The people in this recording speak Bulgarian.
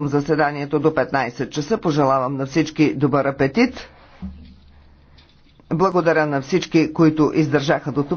заседанието до 15 часа. Пожелавам на всички добър апетит. Благодаря на всички, които издържаха до това.